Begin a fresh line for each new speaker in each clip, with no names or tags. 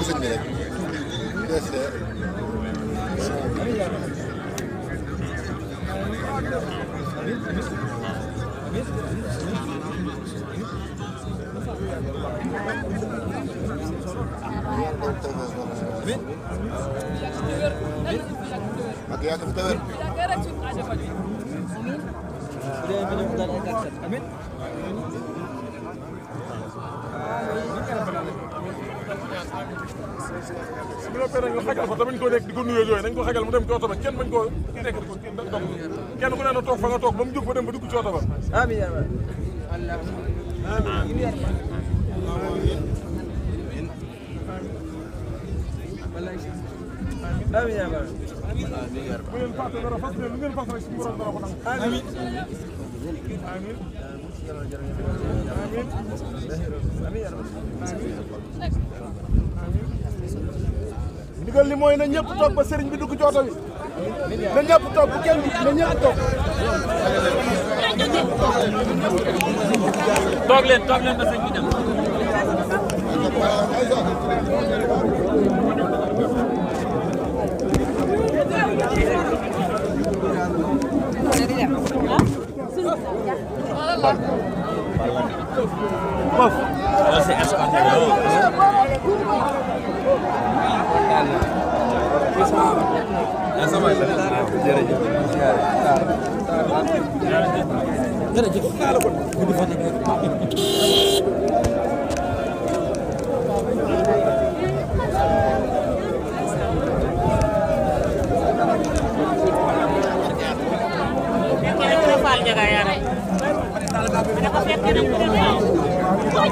Amin. Amin. bi rek
des Amin.
Amin. amin bu noppee nag ñu xajal ko tamit ñu ko nekk di ko nuyoo yooyu nañ ko xajal mu dem ci oto ba kenn bañ koo nekk ko dog kenn ku ne na toog fa nga toog ba mu jóg ba dem ba dugg ci oto ba amiin
amiin amiin bu leen fàtte dara ko nangu
ndigal li mooy na ñëpp toog ba bi dugg ci oto na ñëpp toog bu kenn na ñëpp toog. toog leen toog leen ba bi dem.
Puff. Terus si es sama Jadi jadi.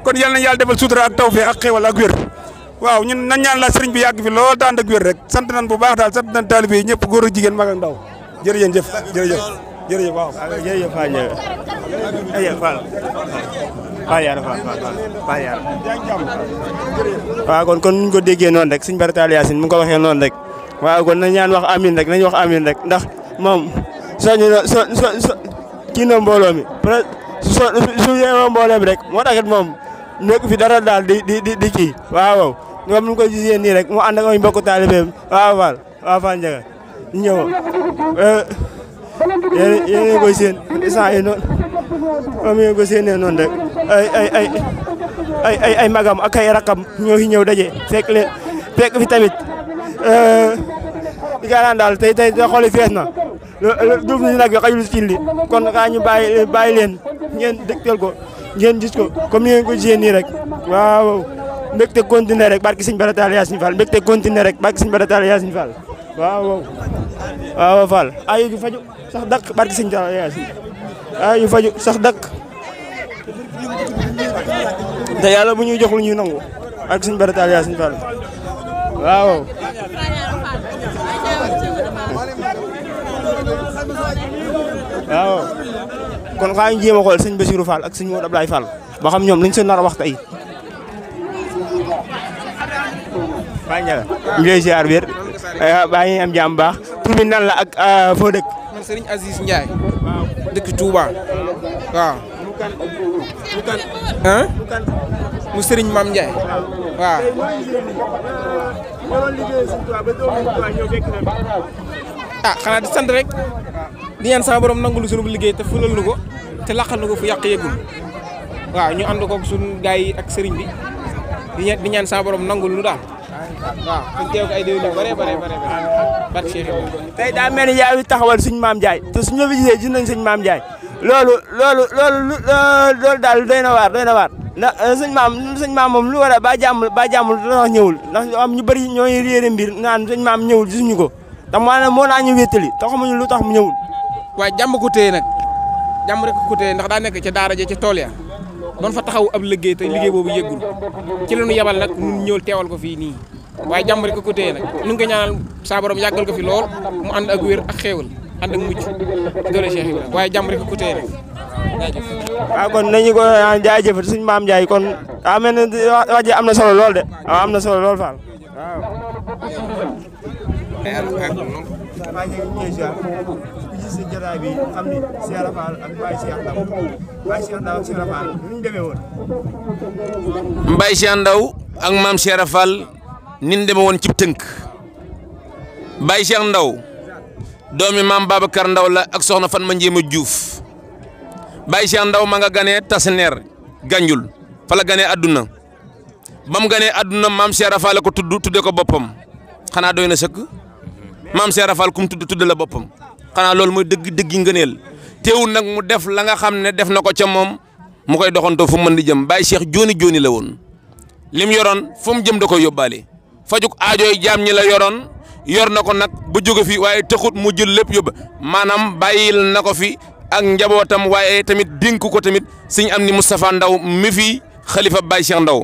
kon yalla na yalla defal sutura ak tawfi ak xewal ak wer waaw ñun na ñaan la serigne bi yag fi lool daand ak wer rek sant nañ bu baax dal sant nañ talibi ñepp goor ak jigen mag ak ndaw jërëjëf jëf jërëjëf jërëjëf waaw jërëjëf fa ñëw ay fa fa yaara fa fa yaara waaw kon kon ñu ko déggee non rek sëriñ Bartale yassine mu ko waxee non rek waaw kon na ñaan wax amin rek nañ wax amin rek ndax mom soñu so so kii na mbooloo mi su yeewoo mbooloo mi rek mo taxit mom nekk fi dara daal di di di di kii waaw ñoom ñu ngi koy gisee nii rek mu ànd ak ay mbokku taalibeem waaw Fall waaw Fall Ndiaga ñëw eh, yéen yéen a koy seen instant yii noonu ak ay rakam daje fekk fi tamit di eh, daal tey tey xool yi fees na lu lu duuf nag kon kaa ñu bàyyi bàyyi leen ngeen dégtal ko. ngeen gis ko comme ni ngeen ko gisee nii rek waaw mbégte continué rek barki sëñ Bara Talla Yacine Fall mbégte continué rek barki sëñ Bara Talla Yacine Fall waaw waaw Fall ay yu faju sax dakk barki sëñ Talla Yacine ay yu faju sax dakk te yàlla bu ñuy jox lu ñuy nangu barki sëñ Bara Talla Yacine Fall waaw waaw kon xaa ñu jéem a xool sëñ Bassirou Fall ak sëñ Modou Abdoulaye Fall ba xam ñoom liñ seen nar a wax tey. baa ngi nan la ak euh, foo dëkk. man Serigne Aziz Ndiaye. dëkk Touba waaw. mu mu
kan. mu Serigne Mame ah xanaa di sant rek di ñaan sama borom nangul suñu liggéey te fulal nu ko te laqal nu ko fu yàq yegul waaw ñu ànd koog suñu gars yi ak sëriñ bi di ñaan di ñaan sama borom nangul nu daal waaw ñu teew ko ay déwén yu bare bare bare bat cheikh
tey daa mel ni yaa fi taxawal suñ maam jaay te suñ la fi gisee gis nañ suñ maam jaay loolu loolu loolu loolu daal doy na waar doy na waar ndax eh, sëñ maam sëñ maam moom lu war a ba jàmm ba jàmm lu tax ñëwul ndax am ñu bëri ñooy réere mbir naan sëñ maam ñëwul gisuñu ko tax maanaam moo naa ñu wéttali tax xamuñu lu tax mu ñëwul
waa jàmm ku téye nag jàmm rek ku téye ndax daa nekk ca daara ja ca tool ya doon fa taxaw ab liggéey te liggéey boobu yëggul ci la nu yebal nag ñun ñëwal teewal ko fii nii waaye jàmm rek ku téye nag ñu ngi ko ñaanal saa borom yàggal ko fi lool mu ànd ak wér ak xéewal ànd ak mucc doole Cheikh waaye jàmm rek ku téye nag waaw
ah, kon nañu ko ah, jaajëf suñu maam Ndiaye kon ah, am na solo na solo lool Fall Ndaw
ak Cheikh Rafal ni Ndaw ak maam Cheikh Rafal ni ñu demee woon cib tënk Baye Ndaw doomi maam Babacar Ndaw la ak soxna fan ma Ndiéma Diouf. Baye Cheikh Ndaw ma nga ganee Tasneer Ganjul fa la ganee adduna ba gane ganee adduna maam Cheikh Rafal ko tudd tudde ko boppam xanaa doy na sëkk maam Cheikh Rafal kum tudd tudd la boppam xanaa loolu mooy dëgg dëgg ngëneel teewul nag mu def la nga xam ne def na ko ca moom mu koy doxantoo fu mu mën di jëm Baye Cheikh jooni jooni la woon lim yoroon fu mu jëm da koy yóbbaale fajuk aajooy jaam ñi la yoroon yor na ko nag ba jóge fi waaye taxut mu jël lépp yóbba maanaam bàyyil na ko fi ak njabootam waaye tamit dénk ko tamit sëñ am ni Moustapha Ndaw mi fi xalifa Baye Cheikh Ndaw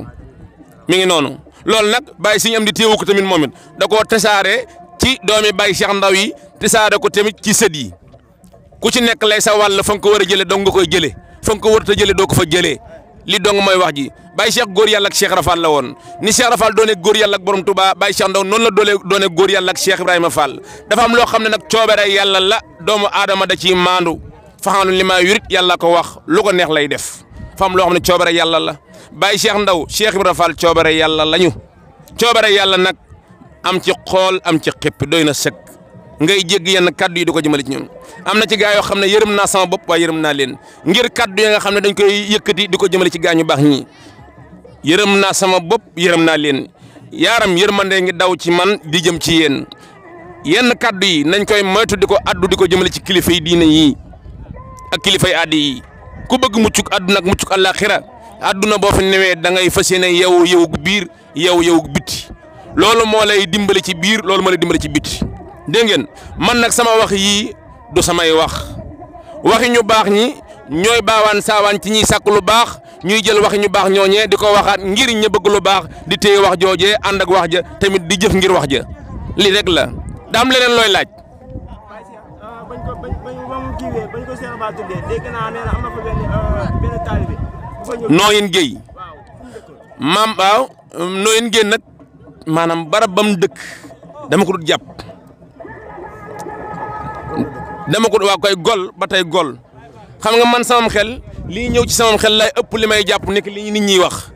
mi ngi noonu loolu nag Baye sëñ am di téewu ko tamit moom it da koo tasaare ci doomi Baye Cheikh Ndaw yi tasaare ko tamit ci sët yi ku ci nekk lay sa wàll fa ko war a jëlee dong nga koy jëlee fa nga ko warut a jëlee doo ko fa jëlee li dong mooy wax ji Baye Cheikh goor yàlla ak Rafal la woon ni Cheikh Rafal doone góor yàlla ak borom Touba Baye Cheikh Ndaw noonu la doole doone ak Cheikh Ibrahima Fall dafa am loo xam ne nag coobere yàlla la doomu aadama da ciy maandu faxaanu li maa yurit ko wax lu ko neex lay def fam loo xam ne coobare yàlla la Baye Cheikh Ndaw Cheikh Ibrahima Fall coobare yàlla lañu coobare yàlla nag am ci xool am ci xëpp doy na sëkk ngay jégg yenn kaddu yi du ko jëmale ci ñoom am na ci gaa yoo xam ne yërëm naa sama bopp waaye yërëm naa leen ngir kaddu yi nga xam ne dañ koy yëkkati di ko jëmale ci gaa ñu baax ñi yërëm naa sama bopp yërëm naa leen yaaram yërmande ngi daw ci man di jëm ci yeen yenn kaddu yi nañ koy moytu di ko addu di ko jëmale ci kilifa yi diine yi ak kilifa aada yi ku bëgg muccuk aduna ak muccuk àllaaxira aduna bo fi newe da ngay fas yéene yow yow biir yow yow biti lolu mo lay dimbali ci biir lolu mo lay dimbali ci biti de ngeen man nak sama wax yi du samay wax waxi ñu bax ñi ñoy bawan sawan ci ñi sak lu bax ñuy jël waxi ñu bax ñoñe di waxat ngir ña bëgg lu bax di tey wax jojé and ak wax ja tamit di jëf ngir wax ja li rek la leneen loy laaj. Euh, nooyin géy maam waaw nooyin géy nag maanaam barab bam dëkk dama ko dut jàpp dama ko waa koy gol ba tey gol xam nga man samam xel lii ñëw ci samam xel lay ëpp li may jàpp nekk li ni ñiy wax